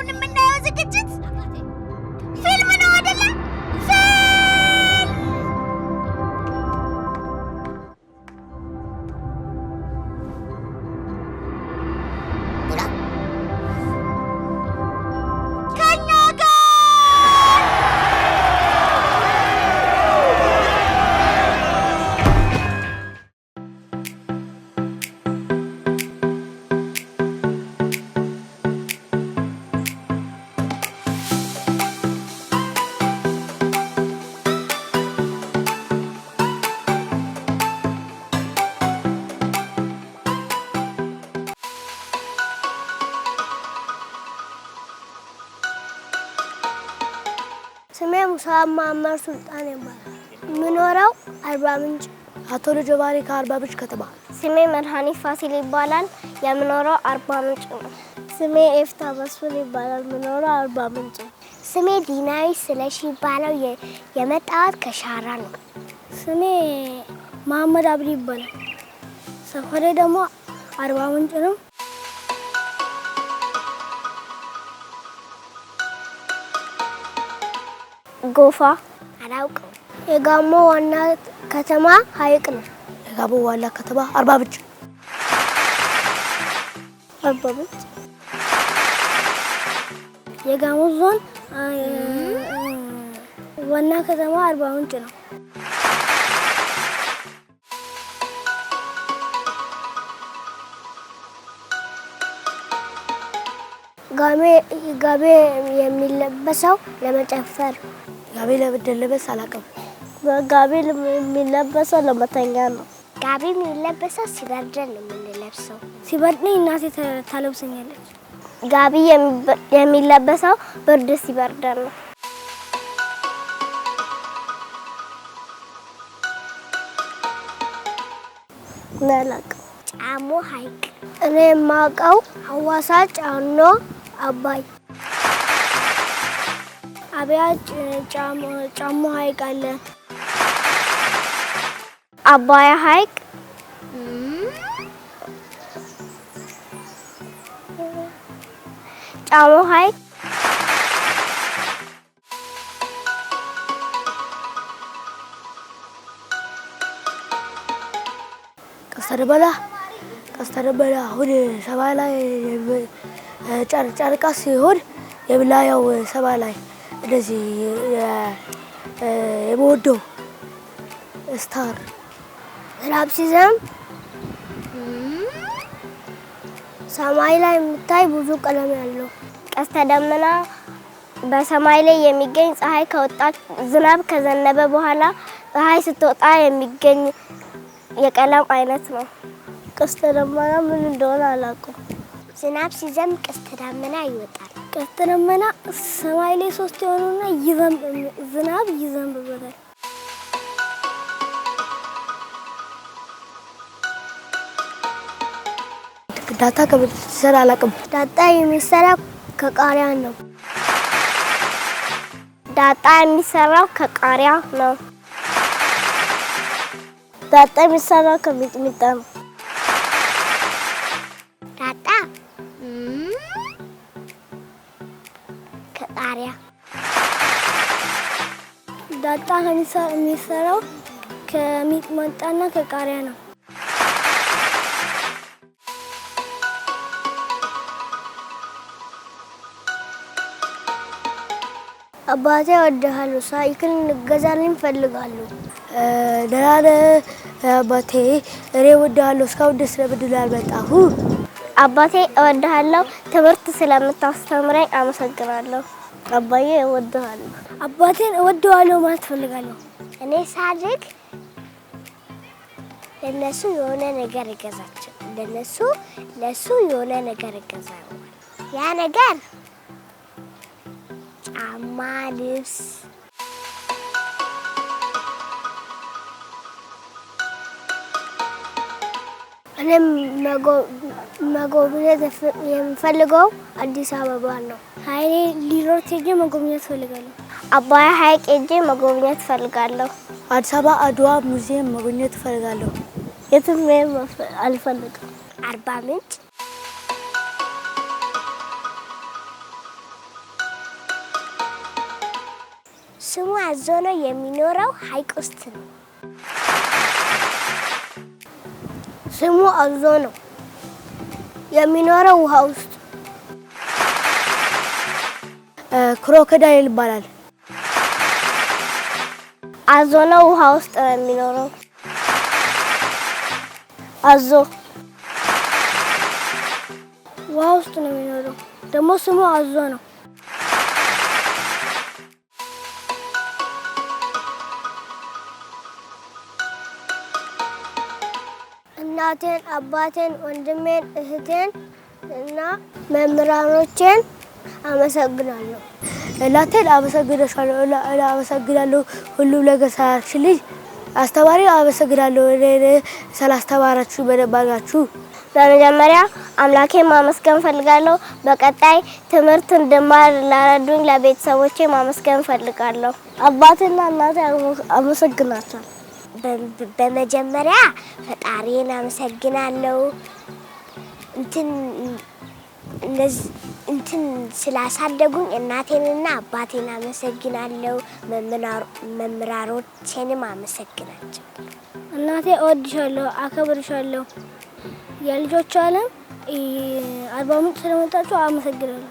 አሁን የምናየው ዝግጅት ሰላም ማመር ሱልጣን ይባላል። የምኖረው አርባ ምንጭ አቶ ልጆ ባሪ ከአርባ ምንጭ ከተማ። ስሜ መድኃኒ ፋሲል ይባላል። የምኖረው አርባ ምንጭ ነው። ስሜ ኤፍታ መስፍን ይባላል። የምኖረው አርባ ምንጭ። ስሜ ዲናዊ ስለሺ ይባላል። የመጣሁት ከሻራ ነው። ስሜ መሀመድ አብዲ ይባላል። ሰፈሬ ደግሞ አርባ ምንጭ ነው። ጎፋ አላውቀው። የጋሞ ዋና ከተማ ሀይቅ ነው። የጋሞ ዋና ከተማ አርባ ምንጭ። አርባ ምንጭ የጋሞ ዞን ዋና ከተማ አርባ ምንጭ ነው። ጋቢ የሚለበሰው ለመጨፈር። ጋቢ ለመደለበስ አላውቅም። ጋቢ የሚለበሰው ለመተኛ ነው። ጋቢ የሚለበሰው ሲበርደን ነው የምንለብሰው። ሲበርደኝ እናቴ ታለብሰኛለች። ጋቢ የሚለበሰው ብርድ ሲበርደን ነው። ጫሞ ሐይቅ እኔ የማውቀው ሐዋሳ ጫኖ አባይ አብያ ጫሞ ሐይቅ አለ። አባይ ሀይቅ ጫሞ ሀይቅ ቀሰር አስተደመረ አሁን ሰማይ ላይ ጨርቃ ሲሆን የምናየው ሰማይ ላይ እንደዚህ የምወደው ስታር ዝናብ ሲዘም ሰማይ ላይ የምታይ ብዙ ቀለም ያለው ቀስተ ደመና በሰማይ ላይ የሚገኝ ፀሐይ ከወጣ ዝናብ ከዘነበ በኋላ ፀሐይ ስትወጣ የሚገኝ የቀለም አይነት ነው። ቀስተ ደመና ምን እንደሆነ አላውቅም። ዝናብ ሲዘንብ ቀስተ ደመና ይወጣል። ቀስተ ደመና ሰማይ ላይ ሶስት የሆኑና ዝናብ ይዘንብበታል። ዳታ ከምን አላውቅም። ዳጣ የሚሰራ ከቃሪያ ነው። ዳጣ የሚሰራው ከቃሪያ ነው። ዳጣ የሚሰራው ከሚጥሚጣ ነው። ሳህን የሚሰራው ከሚጥማጣና ከቃሪያ ነው። አባቴ ወደሃሉ ሳይክል እንገዛልኝ እፈልጋለሁ። ደህና ነህ አባቴ? እኔ ወደሃሉ እስካሁን ደስ ለምድል በጣሁ አባቴ እወድሃለሁ። ትምህርት ስለምታስተምረኝ አመሰግናለሁ። አባዬ እወድሃለሁ። አባቴን እወደዋለሁ ማለት ፈልጋለሁ። እኔ ሳድግ ለነሱ የሆነ ነገር እገዛቸው ለነሱ ለሱ የሆነ ነገር እገዛ ያ ነገር ጫማ፣ ልብስ እኔም መጎብኘት የምፈልገው አዲስ አበባ ነው። ሀይሌ ሊሮት ሄጄ መጎብኘት ፈልጋለሁ። አባያ ሀይቅ ሄጄ መጎብኘት ፈልጋለሁ። አዲስ አበባ አድዋ ሙዚየም መጎብኘት ፈልጋለሁ። የትም አልፈልግም። አርባ ምንጭ ስሙ አዞ ነው የሚኖረው ሀይቅ ውስጥ ነው። ስሙ አዞ ነው። የሚኖረው ውሃ ውስጥ ክሮኮዳይል ይባላል። አዞ ነው፣ ውሃ ውስጥ ነው የሚኖረው። አዞ ውሃ ውስጥ ነው የሚኖረው። ደግሞ ስሙ አዞ ነው። እናቴን፣ አባቴን፣ ወንድሜን፣ እህቴን እና መምህራኖቼን አመሰግናለሁ። እናቴን አመሰግናለሁ። አመሰግናለሁ ሁሉም ነገር ልጅ አስተማሪ አመሰግናለሁ ስላስተማራችሁ በደንብ አድርጋችሁ። በመጀመሪያ አምላኬ ማመስገን ፈልጋለሁ። በቀጣይ ትምህርት እንድማር ላረዱኝ ለቤተሰቦቼ ማመስገን ፈልጋለሁ። አባቴና እናቴ አመሰግናቸዋል። በመጀመሪያ ፈጣሪን አመሰግናለሁ። እንትን ስላሳደጉኝ እናቴንና አባቴን አመሰግናለሁ። መምራሮቼንም አመሰግናቸው። እናቴ እወድሻለሁ፣ አከብርሻለሁ። የልጆቿንም አርባ ምንጭ ስለመጣችሁ አመሰግናለሁ።